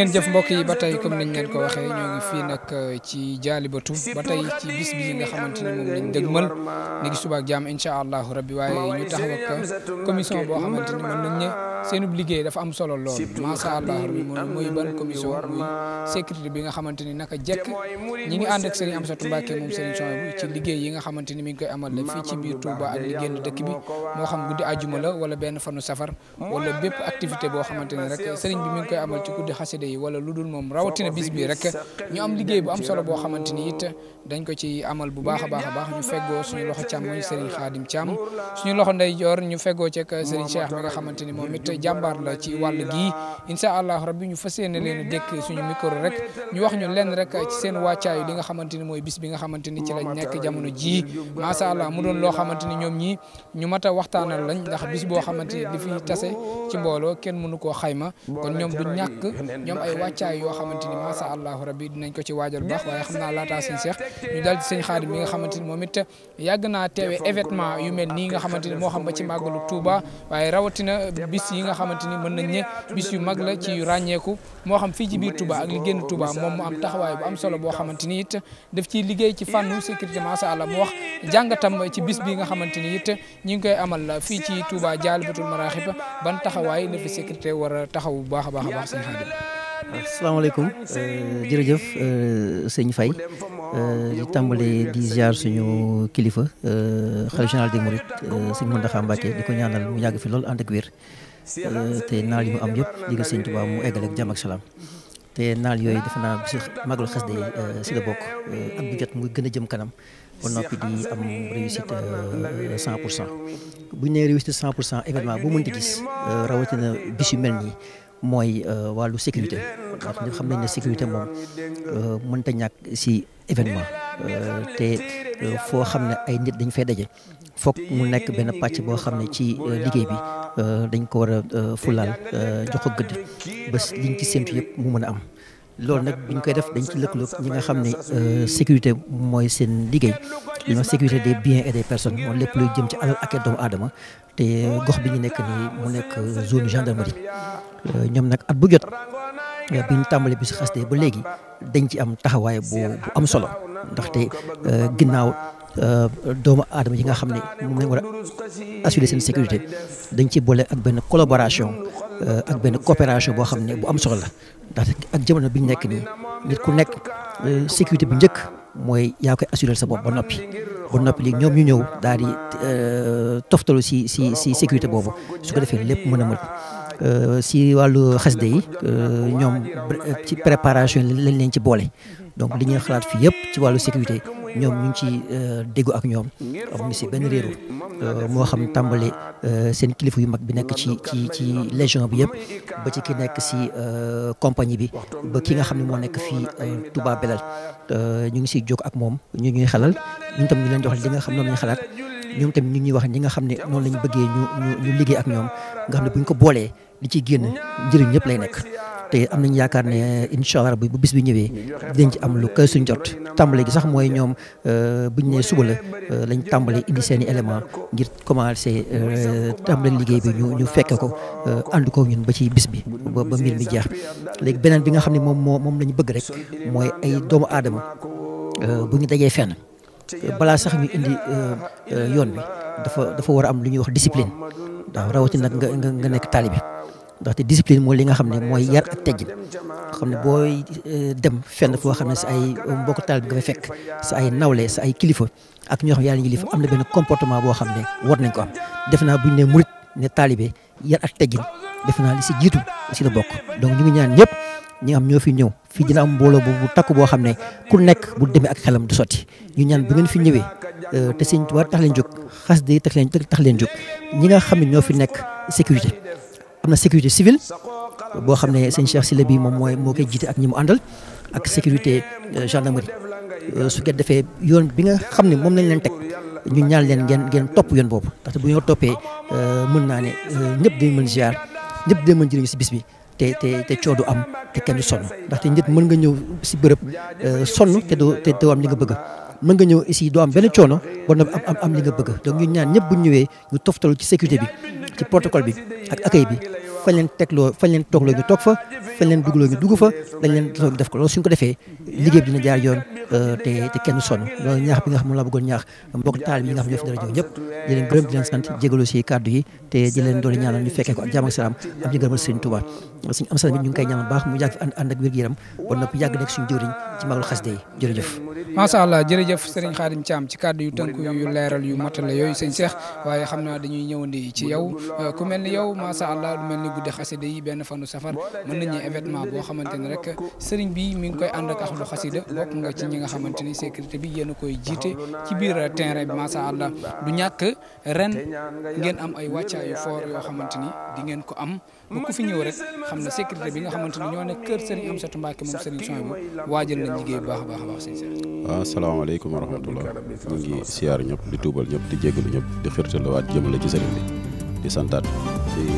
ngeen jëf ba tey comme niñ leen ko waxee ñoo ngi fii nag euh, ci jaalibatu ba tey ci bis bi nga xamante ni moom lañ dëgmal ni ngi suba ak jàmm incha allahu rabbi waaye ñu taxaw ak euh, commission boo xamante ni mën ni naka jekk ñi ngi ànd ak Serigne Amsatou Mbacke moom Serigne Sow bi ci liggéey yi nga xamante ni mi ngi koy amal fii ci biir Touba ak li génn dëkk bi moo xam guddi àjjuma la wala benn fanu safar wala bépp activité boo xamante rek Serigne bi mi ngi koy amal ci guddi xasida yi wala lu dul moom rawatina bis bi rek ñu am liggéey bu am solo boo xamante ni dañ ko ci amal bu baax a baax a baax ñu feggoo suñu loxo loxo ndeyjoor ñu ni moom it la ci wàll gii incha allahu ñu fas yéene leen dékk suñu micro rek ñu wax ñu ci seen wàccaayu li nga xamante mooy bis bi nga xamante ni ci lañ nekk jamono jii macha allah mu doon loo xamante ni ñoom ñii ñu mat a waxtaanal lañ ndax bis boo xamante ni li fi tase ci mbooloo kenn mënu koo xayma kon ñoom du ñàkk ñoom am ay wàccaay yoo xamante ni macha allahu rabbi dinañ ko ci waajal baax waaye xam naa laataa sëñ Cheikh ñu dal ci sëñ Xaadim mi nga xamante ni moom it yàgg naa teewe événement yu mel nii nga xamante ni moo xam ba ci màggalu Touba waaye rawatina bis yi nga xamante ni mën nañ ne bis yu mag la ci yu moo xam fii ci biir Touba ak li génn Touba moom mu am taxawaay bu am solo boo xamante ni it daf ciy liggéey ci fànnu sécurité macha allah mu wax jàngatam ci bis bi nga xamante ni it ñi ngi koy amal fii ci Touba Jaalibatul Maraaxib ban taxawaay la fi sécurité war a taxaw bu baax baax a waaw asalaamaaleykum euh, jërëjëf euh, sëñ Faye euh, di tàmbali di jaar suñu kilifa xalifa général des Mourides sëñ Mountakha Mbacké di ko ñaanal mu yàgg fi lool ànd ak wér te naal yi mu am yëpp di nga sëñ Tuubaa mu eggal ak jàmm salaam te naal yooyu defe naa si magal xas bokk at bu jot kanam ba noppi di am réussite 100 pour cent bu ñu nee réussite 100 gis rawatina bis yu mel nii. mooy euh, wàllu sécurité ndax ñu xam nañ ne sécurité moom euh, mënta ñàkk si événement euh, te foo xam ne ay nit dañ fay daje foog mu nekk benn pàcc boo xam ne ci liggéey bi dañ ko war a fulaal jox ko gëdd ba liñ ci séntu yëpp mu mën a am. loolu nag bu koy def dañ ci lëkkaloo ñi nga xam ne sécurité mooy seen liggéey dañoo sécurité des biens et des personnes moom lépp luy jëm ci alal ak doomu aadama te gox bi ñu nekk nii mu nekk zone gendarmerie euh, ñoom nag at bu jot euh, bi ñu tàmbali bi si xasee ba léegi dañ ci am taxawaay bu am solo ndaxte euh, ginnaaw doomu aadama yi nga xam ne moom lañ war a seen sécurité dañ ci boole ak benn collaboration ak benn coopération boo xam ne bu am solo la ndaxte ak jamono bi ñu nekk nii nit ku nekk sécurité bu njëkk. mooy yaa koy assuré sa bopp ba noppi ba noppi léegi ñoom ñu ñëw daal di euh, toftalu si si si sécurité boobu su ko defee lépp mën a mën euh, si wàllu xasde yi euh, ñoom ci préparation lañ leen ci boole donc li ñuy xalaat fii yëpp ci wàllu sécurité ñoom ñu ngi ci euh, déggu ak ñoom amuñu si benn réeru euh, moo xam tàmbali euh, seen kilifa yu mag bi nekk ci ci ci légion bi yëpp ba ci ki nekk si compagnie bi ba ki nga xam ne moo nekk fii Touba Belal ñu ngi siy jóg ak moom ñu ñuy xelal ñun tam ñu leen jox di nga xam noonu la xalaat ñoom tamit ñu ñuy wax ñi nga xam ne noonu la bëggee ñu ñu liggéey ak ñoom nga xam ne bu ñu ko boolee li ciy génn njëriñ ñëpp lay nekk. te am nañ yaakaar ne incha allah bu bis bi ñëwee dinañ ci am lu kay suñ jot tàmbali gi sax mooy ñoom euh, bu ñu nee suba la euh, lañ tàmbali indi seen i élément ngir commencé euh, tàmbali liggéey bi ñu ñu fekke ko ànd koo ñun ba ci bis bi ba ba mbir mi jeex léegi beneen bi nga xam ne moom moo moom la ñu bëgg rek mooy ay doomu aadama bu ñu dajee fenn balaa sax ñu indi yoon bi dafa dafa war a am lu ñuy wax discipline waaw rawatina nag nga nga nekk taalibe ndaxte discipline mooy li nga xam ne mooy yar ak teggin xam ne booy eh, dem fenn foo xam ne si ay eh, mbokk taal bi fekk sa ay nawle sa ay kilifa ak ñoo yàlla kilifa am na benn comportement boo xam ne war nañ ko am def naa buñ ne murit ne taalibe yar ak teggin def naa li si jiitu si la bokk donc ñu ngi ñaan ñëpp ñu nga xam ñoo fi ñëw fii dina am mbooloo bu takku boo xam ne ku nekk bu demee ak xelam du sotti ñu ñaan bu ngeen fi ñëwee eh, te sëñ Tuubaa tax leen jóg xas day tax leen tax leen jóg ñi nga xam ne ñoo fi nekk sécurité am na sécurité civile boo xam ne sëñ si Sylla bi moom mooy moo koy jiite ak ñi mu àndal ak sécurité euh, gendarmerie euh, su ko defee yoon bi nga xam ne moom lañ leen teg ñu ñaan leen ngeen ngeen topp yoon boobu ndaxte bu ñoo toppee euh, mën naa ne ñëpp dañ mën ziar ñëpp dañ mën jëriñu si bis bi te te te coodu am te kenn du sonn ndaxte nit mën nga ñëw si bërëb sonn te doo te doo am li nga bëgg mën nga ñëw ici doo am benn coono war na am am li nga bëgg donc ñu ñaan ñëpp bu ñu ñëwee ñu toftalu ci sécurité bi ci protocole bi ak accueil bi. fañ leen tegloo fañ leen toogloo ñu toog fa fañ leen dugaloo ñu dugg fa lañ leen toog def ko loolu suñ ko defee liggéey bi dina jaar yoon euh, te te kenn sonn loolu ñaax bi nga xam moom laa bëggoon ñaax mbokk taal mi nga xam ñoo fi ñu fekkee ko ak allah jërëjëf mel ni ñuy guddi xasida yi benn fanu safar mën nañu événement boo xamante rek sëriñ bi mi ngi koy ànd ak ahlu xasida bokk nga ci ñi nga xamante ni sécurité bi yéen a koy jiite ci biir terrain bi macha allah du ñàkk ren ngeen am ay wàccaayu foor yoo xamante ni di ngeen ko am ba ku fi ñëw rek xam na sécurité bi nga xamante ni ñoo ne kër sëriñ sa Mbacké moom sëriñ son bu waajal nañ liggéey bu baax a baax a baax sëñ waaw asalaamaaleykum wa rahmatullah ñu ngi siyaar ñëpp di tuubal ñëpp di jégalu ñëpp di xirtal waat jëmale ci sëriñ bi di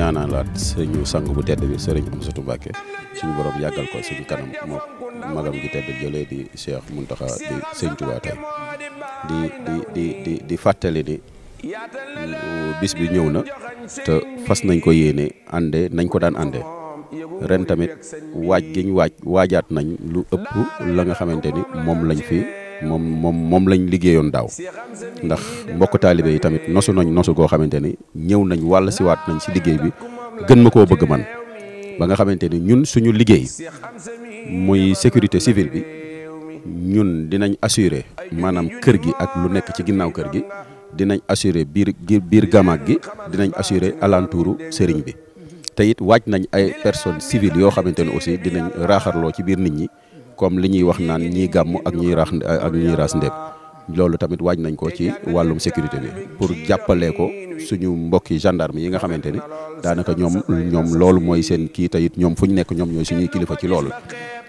ñaanalaat suñu sang bu tedd bi sëriñ Amsatou Mbacké suñu borom yàggal ko suñu kanam moo magam gi tedd jëlee di Cheikh Mountakha di sëñ Touba di di di fàttali ni bis bi ñëw na te fas nañ ko yéene ànde nañ ko daan àndee ren tamit waaj gi ñu waaj waajaat nañ lu ëpp la nga xamante ni moom lañ fi moom moom moom lañ liggéeyoon daaw ndax mbokk taalibe yi tamit nosu nañ nosu goo xamante ni ñëw nañ wàll siwaat nañ si liggéey bi gën ma koo bëgg man ba nga xamante ni ñun suñu liggéey muy sécurité civile bi ñun dinañ assurer maanaam kër gi ak lu nekk ci ginnaaw kër gi dinañ assurer biir biir gamaak gi dinañ assurer alentouru sëriñ bi te it waaj nañ ay personnes civiles yoo xamante ne aussi dinañ raaxarloo ci biir nit ñi comme li ñuy wax naan ñi gàmm ak ñii raax ak ñii raas ndéem loolu tamit waaj nañ ko ci wàllum sécurité bi pour jàppale ko suñu mbokki gendarme yi nga xamante ni daanaka ñoom ñoom loolu mooy seen kii tayit ñoom fu ñu nekk ñoom ñooy suñuy kilifa ci loolu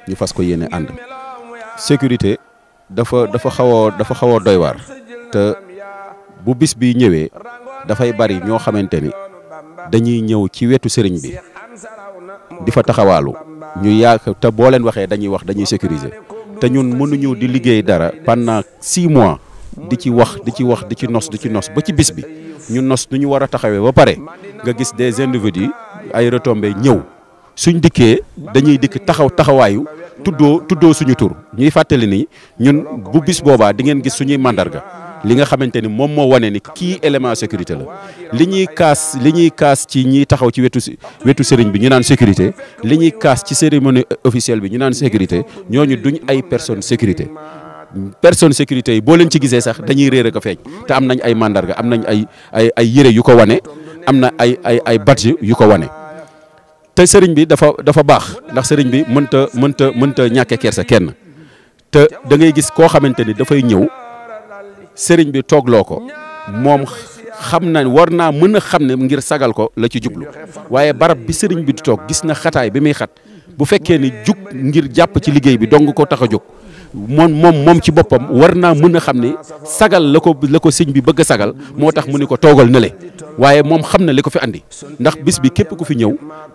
ñu fas ko yéene ànd. sécurité dafa dafa xaw a dafa xaw a doy waar te bu bis bi ñëwee dafay bari ñoo xamante ni dañuy ñëw ci wetu sëriñ bi. di fa taxawaalu ñu yaak te boo leen waxee dañuy wax dañuy sécuriser te ñun mënuñu di liggéey dara pendant six mois di ci wax di ci wax di ci nos di ci nos ba ci bis bi ñu nos nu ñu war a taxawee ba pare nga gis des individus ay retombées ñëw suñ dikkee dañuy dikk taxaw taxawaayu tuddoo tuddoo suñu tur ñuy fàttali ni ñun bu bis boobaa di ngeen gis suñuy màndarga. li nga xamante ni moom moo wane ni kii élément sécurité la li ñuy kaas li ñuy kaas ci ñiy taxaw ci wetu wetu sëriñ bi ñu naan sécurité li ñuy kaas ci cérémonie officielle bi ñu naan sécurité ñooñu duñ ay personne sécurité personne sécurité yi boo leen ci gisee sax dañuy réer ak feeñ te am nañ ay mandarga am nañ ay ay ay yére yu ko wane am na ay ay ay badge yu ko wane te sëriñ bi dafa dafa baax ndax sëriñ bi mënta mënta mënta ñàkke kersa kenn te da ngay gis koo xamante ni dafay ñëw sëriñ bi toog loo ko moom xam na war naa mën a xam ne ngir sagal ko la ci jublu waaye barab bi sëriñ bi di toog gis na xataay bi muy xat bu fekkee ni jug ngir jàpp ci liggéey bi dong ko tax a jóg moom moom moom ci boppam war naa mën a xam ni sagal la ko la ko sëñ bi bëgg a sagal moo tax mu ni ko toogal na le waaye moom xam na li ko fi andi ndax bis bi képp ku fi ñëw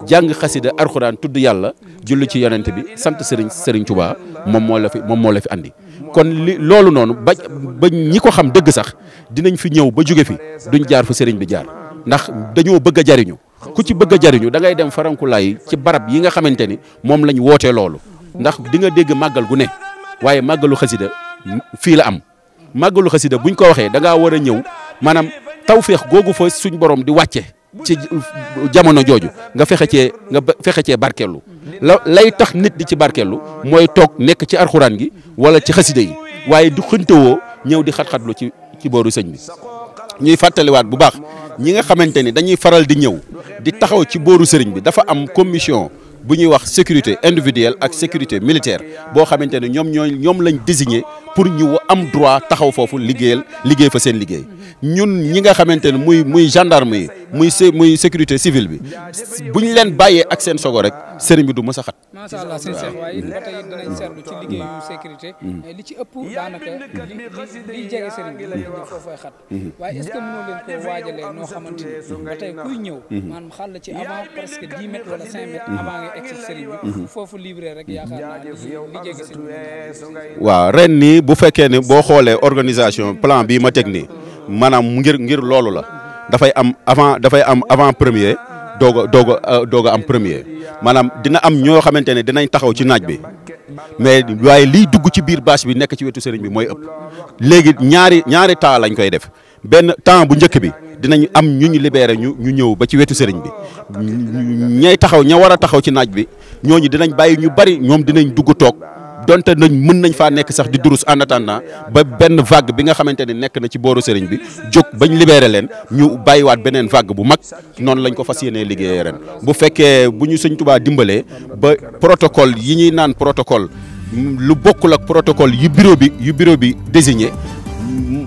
jàng xasida arxuraan tudd yàlla julli ci yonent bi sant sëriñ sëriñ Tuubaa moom moo la fi moom moo la fi andi. kon li loolu noonu ba ba ñi ko xam dëgg sax dinañ fi ñëw ba jóge fi duñ jaar fa sëriñ bi jaar ndax dañoo bëgg a jariñu ku ci bëgg jariñu dangay dem farankulaay ci barab yi nga xamante ni moom lañ wootee loolu ndax di nga dégg màggal gu ne waaye màggalu xasida fii la am màggalu xasida buñ ko waxee da war a ñëw maanaam tawféex googu fa suñ borom di wàcce ci jamono jooju nga fexe cee nga fexe cee barkeelu la lay tax nit di ci barkeelu mooy toog nekk ci arxuraan gi wala ci xasida yi waaye du xëntewoo ñëw di xat-xatlu ci ci booru sëñ bi ñuy fàttaliwaat bu baax ñi nga xamante ni dañuy faral di ñëw di taxaw ci booru sëriñ bi dafa am commission bu ñuy wax sécurité individuelle ak sécurité militaire boo xamante ne ñoom ñooy ñoom lañ désigné pour ñu am droit taxaw foofu liggéeyal liggéey fa seen liggéey ñun ñi nga xamante ne muy muy gendarme yi muy sé muy sécurité civile bi bu ñu leen bàyyee ak seen sogo rek sëriñ bi du mës a xat. macha allah seen seex waaye ba mm. tey danañ sécurité. Mm. Eh, li ci ëpp daanaka xat. Mm-hmm. waaye est ce que leen ko waajalee noo xamante ni mm-hmm. ba tey ñëw. Mm-hmm. maanaam xàll ci avant rek waaw ren nii bu fekkee ne boo xoolee organisation plan bii ma teg nii maanaam ngir ngir loolu la. dafay am avant dafay am avant premier doog a doog euh, doog am premier maanaam dina am ñoo xamante ne dinañ taxaw ci naaj bi mais waaye liy dugg ci biir bâche bi nekk ci wetu sëriñ bi mooy ëpp léegi ñaari ñaari temps lañ koy def benn temps bu njëkk bi dinañ am ñu ñu libeere ñu ñu ñëw ba ci wetu sëriñ bi ñay taxaw ña war a taxaw ci naaj bi ñooñu dinañ bàyyi ñu bari ñoom dinañ dugg toog. donte nañ mën nañ faa nekk sax di durus en attendant ba benn vague bi nga xamante ne nekk na ci booru sëriñ bi jóg bañ libéré leen ñu bàyyiwaat beneen vague bu mag noonu lañ ko fas yenee liggéeyee ren bu fekkee bu ñu sëñ Tuubaa dimbalee ba protocole yi ñuy naan protocole lu bokkul ak protocole yu bureau bi yu bureau bi désigné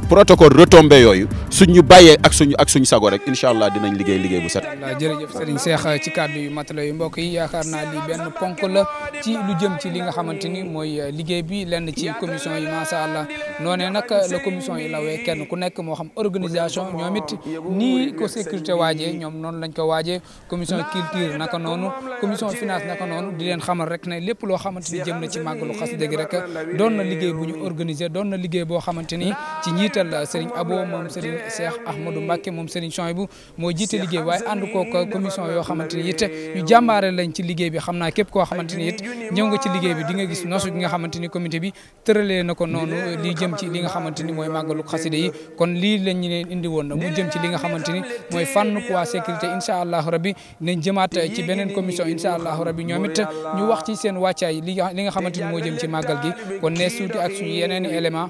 protocole retombé yooyu suñ ñu bàyyee ak suñu ak suñu sago rek incha allah dinañ liggéey liggéey bu set. jërëjëf Serigne Cheikh ci kàddu yu matala yu mbokk yi yaakaar naa li benn ponk la ci lu jëm ci li nga xamante ni mooy euh, liggéey bi lenn ci commission yi macha allah noonee nag la commission yi lawee kenn ku nekk moo xam organisation ñoom it nii ko sécurité waajee ñoom noonu lañ ko waajee commission culture naka noonu commission finance naka noonu di leen xamal rek ne lépp loo xamante ni jëm na ci màggalu xasida gi doon na liggéey bu ñu organiser ni ci njiital Serigne Abo moom Serigne Cheikh Ahmadou Mbacke moom Serigne Chouaïbou moo jiite liggéey waaye ànd kook commission yoo xamante ni it ñu jàmbaare lañ ci liggéey bi xam naa képp koo xamante ni it nga ci liggéey bi di nga gis nosu gi nga xamante ni comité bi tëralee na ko noonu li jëm ci li nga xamante ni mooy màggalu xasida yi kon lii lañ ñu leen indi woon mu jëm ci li nga xamante ni mooy fànn quoi sécurité incha allahu rabi nañ jëmaat ci beneen commission incha allahu rabi ñoom ñu wax ci seen wàccaay li nga xamante ni moo jëm ci màggal gi kon ne suuti ak yeneen élément